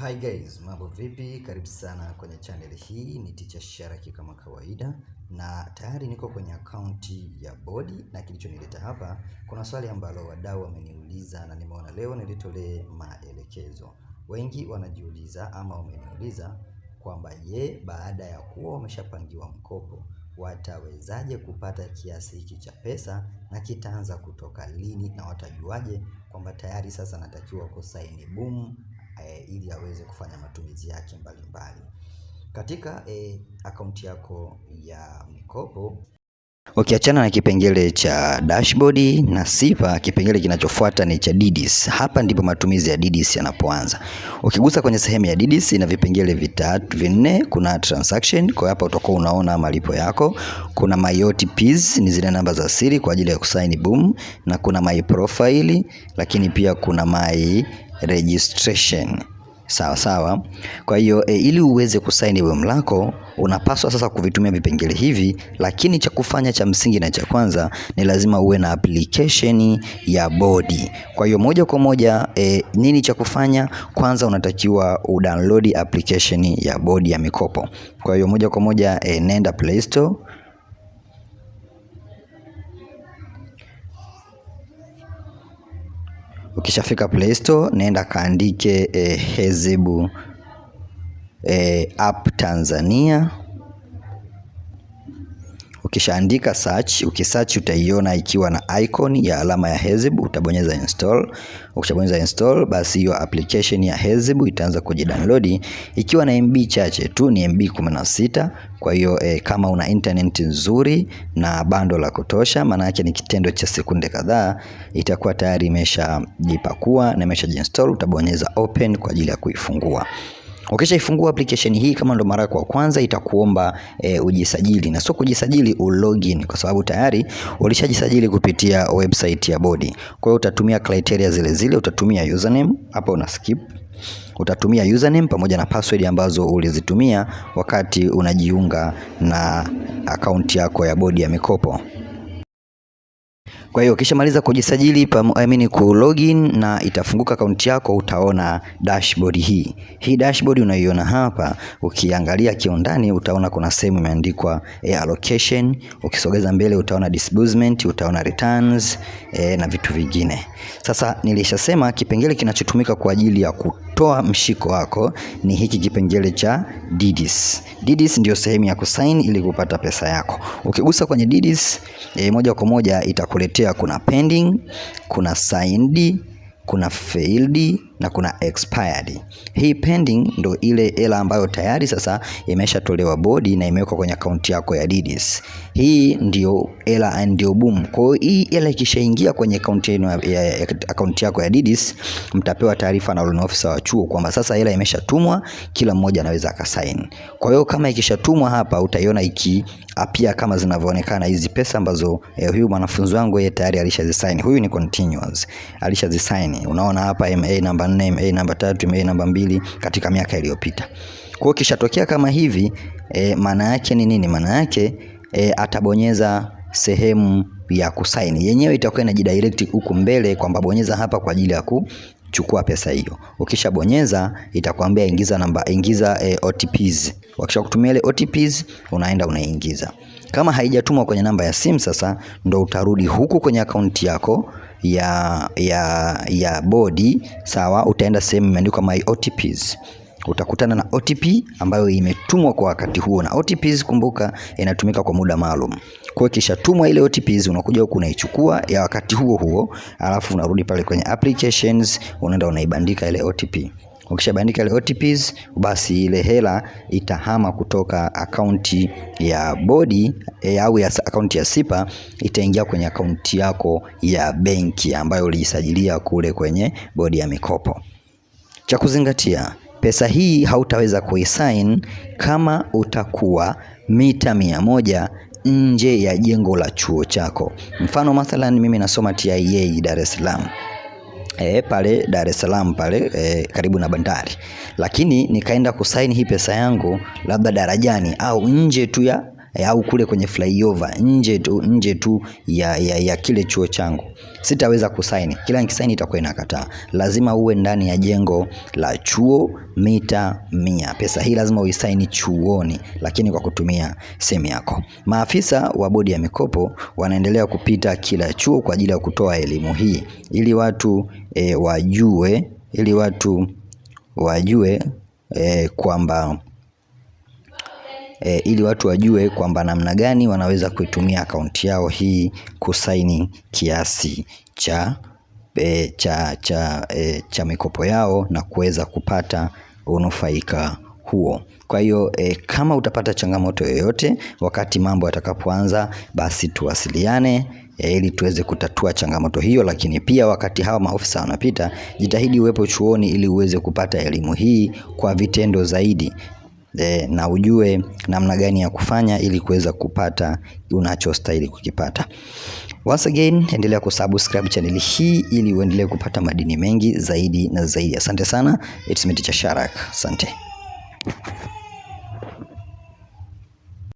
Hi guys, mambo vipi? Karibu sana kwenye channel hii, ni Teacher Sharaki kama kawaida, na tayari niko kwenye akaunti ya bodi, na kilichonileta hapa, kuna swali ambalo wadau wameniuliza na nimeona leo nilitolee maelekezo. Wengi wanajiuliza ama wameniuliza kwamba ye baada ya kuwa wameshapangiwa mkopo watawezaje kupata kiasi hiki cha pesa na kitaanza kutoka lini, na watajuaje kwamba tayari sasa natakiwa kusaini boom Eh, ili aweze kufanya matumizi yake mbalimbali mbali. Katika eh, akaunti yako ya mikopo Ukiachana na kipengele cha dashboard na sifa, kipengele kinachofuata ni cha deeds. Hapa ndipo matumizi ya deeds yanapoanza. Ukigusa kwenye sehemu ya deeds ina vipengele vitatu vinne. Kuna transaction, kwa hapa utakuwa unaona malipo yako. Kuna my OTPs, ni zile namba za siri kwa ajili ya kusaini boom, na kuna my profile, lakini pia kuna my registration. Sawa sawa. Kwa hiyo e, ili uweze kusaini bomu lako unapaswa sasa kuvitumia vipengele hivi, lakini cha kufanya cha msingi na cha kwanza ni lazima uwe na application ya bodi. Kwa hiyo moja kwa moja e, nini cha kufanya? Kwanza unatakiwa udownload application ya bodi ya mikopo. Kwa hiyo moja kwa moja e, nenda Play Store Ukishafika Play Store nenda kaandike eh, Hezibu eh, app Tanzania Ukishaandika search, ukisearch utaiona ikiwa na icon ya alama ya Hezib, utabonyeza install. Ukishabonyeza install, basi hiyo application ya Hezib itaanza kujidownload ikiwa na MB chache tu, ni MB 16. Kwa hiyo eh, kama una internet nzuri na bando la kutosha, maana yake ni kitendo cha sekunde kadhaa, itakuwa tayari imeshajipakua na imeshajinstall. Utabonyeza open kwa ajili ya kuifungua. Ukishaifungua application hii kama ndo mara kwa kwanza, itakuomba e, ujisajili na sio kujisajili, login kwa sababu tayari ulishajisajili kupitia website ya bodi. Kwa hiyo utatumia criteria zile zile, utatumia username, hapa una skip utatumia username pamoja na password ambazo ulizitumia wakati unajiunga na akaunti yako ya bodi ya mikopo. Kwa hiyo ukishamaliza kujisajili, I mean ku login na itafunguka akaunti yako, utaona dashboard hii. Hii dashboard unaiona hapa, ukiangalia kiundani utaona kuna sehemu imeandikwa e, allocation. Ukisogeza mbele utaona disbursement, utaona returns e, na vitu vingine. Sasa nilishasema kipengele kinachotumika kwa ajili ya kutoa mshiko wako ni hiki kipengele cha deeds. Deeds ndio sehemu ya kusign ili kupata pesa yako. Ukigusa kwenye deeds, e, eh, moja kwa moja itakuletea kuna pending, kuna signed, kuna failed na kuna expired. Hii pending ndo ile hela ambayo tayari sasa imeshatolewa bodi na imewekwa kwenye akaunti yako ya Didis. Hii ndio hela ndio boom. Kwa hiyo hii hela ikishaingia kwenye akaunti yenu ya akaunti yako ya Didis, mtapewa taarifa na loan officer wa chuo kwamba sasa hela imeshatumwa, kila mmoja anaweza akasign. Kwa hiyo kama ikishatumwa hapa utaiona iki apia kama zinavyoonekana hizi pesa ambazo eh, huyu mwanafunzi wangu yeye tayari alishazisign. Huyu ni continuous. Alishazisign. Unaona hapa MA namba nne MA namba tatu MA namba mbili katika miaka iliyopita. Kwa hiyo kishatokea kama hivi e, maana yake ni nini? Maana yake e, atabonyeza sehemu ya kusaini yenyewe itakuwa inajidirect huku mbele kwamba bonyeza hapa kwa ajili ya kuchukua pesa hiyo. Ukishabonyeza itakwambia ingiza namba, ingiza e, OTPs. Wakishakutumia ile OTPs unaenda unaingiza. Kama haijatumwa kwenye namba ya simu, sasa ndo utarudi huku kwenye akaunti yako ya ya ya bodi sawa, utaenda sehemu imeandikwa my OTPs utakutana na OTP ambayo imetumwa kwa wakati huo, na OTPs kumbuka, inatumika kwa muda maalum. Kwa hiyo kisha tumwa ile OTPs, unakuja huku unaichukua ya wakati huo huo, alafu unarudi pale kwenye applications, unaenda unaibandika ile OTP. Ukishabandika ile OTPs, basi ile hela itahama kutoka akaunti ya bodi eh, au ya akaunti ya sipa itaingia kwenye akaunti yako ya benki ambayo ulijisajilia kule kwenye bodi ya mikopo. Cha kuzingatia, pesa hii hautaweza kuisign kama utakuwa mita mia moja nje ya jengo la chuo chako. Mfano mathalan, mimi nasoma TIA Dar es Salaam. E, pale Dar es Salaam pale e, karibu na bandari, lakini nikaenda kusaini hii pesa yangu labda darajani au nje tu ya Eh, au kule kwenye flyover nje tu, nje tu ya, ya, ya kile chuo changu sitaweza kusaini. Kila nikisaini itakuwa inakataa. Lazima uwe ndani ya jengo la chuo mita mia. Pesa hii lazima uisaini chuoni, lakini kwa kutumia simu yako. Maafisa wa bodi ya mikopo wanaendelea kupita kila chuo kwa ajili ya kutoa elimu hii ili watu e, wajue ili watu wajue e, kwamba e, ili watu wajue kwamba namna gani wanaweza kuitumia akaunti yao hii kusaini kiasi cha e, cha cha, e, cha mikopo yao na kuweza kupata unufaika huo. Kwa hiyo e, kama utapata changamoto yoyote wakati mambo yatakapoanza, basi tuwasiliane e, ili tuweze kutatua changamoto hiyo. Lakini pia wakati hawa maofisa wanapita, jitahidi uwepo chuoni ili uweze kupata elimu hii kwa vitendo zaidi. Eh, na ujue namna gani ya kufanya ili kuweza kupata unachostahili kukipata. Once again, endelea kusubscribe channel hii ili uendelee kupata madini mengi zaidi na zaidi. Asante sana. It's me Teacher Sharak. Asante.